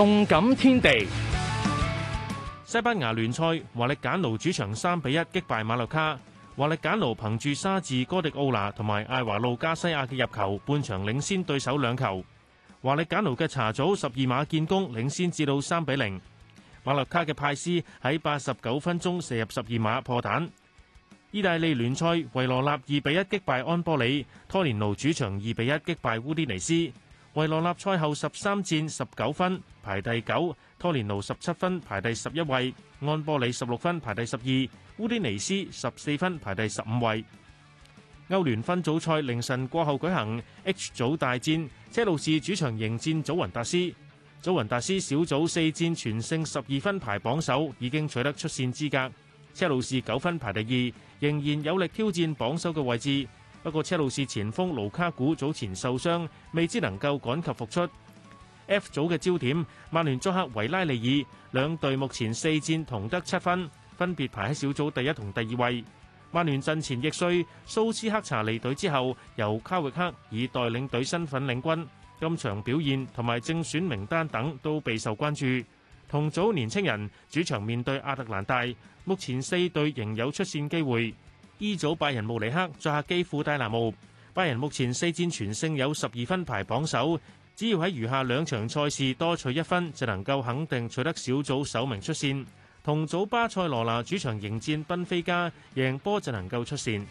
動感天地，西班牙聯賽，華歷簡奴主場三比一擊敗馬略卡。華歷簡奴憑住沙治哥迪奧拿同埋艾華路加西亞嘅入球，半場領先對手兩球。華歷簡奴嘅查祖十二碼建功，領先至到三比零。馬略卡嘅派斯喺八十九分鐘射入十二碼破蛋。意大利聯賽，維羅納二比一擊敗安波里，拖連奴主場二比一擊敗烏迪尼斯。維羅納賽後十三戰十九分排第九，拖連奴十七分排第十一位，安波里十六分排第十二，烏迪尼斯十四分排第十五位。歐聯分組賽凌晨過後舉行，H 組大戰，車路士主場迎戰祖雲達斯。祖雲達斯小組四戰全勝，十二分排榜首，已經取得出線資格。車路士九分排第二，仍然有力挑戰榜首嘅位置。不過，車路士前鋒盧卡古早前受傷，未知能夠趕及復出。F 組嘅焦點，曼聯作客維拉利爾，兩隊目前四戰同得七分，分別排喺小組第一同第二位。曼聯陣前易帥蘇斯克查離隊之後，由卡域克以代領隊身份領軍，今場表現同埋正選名單等都備受關注。同組年青人主場面對亞特蘭大，目前四隊仍有出線機會。依、e、組拜仁慕尼黑作客基輔戴拿模，拜仁目前四戰全勝有十二分排榜首，只要喺餘下兩場賽事多取一分就能夠肯定取得小組首名出線，同組巴塞羅那主場迎戰奔菲加，贏波就能夠出線。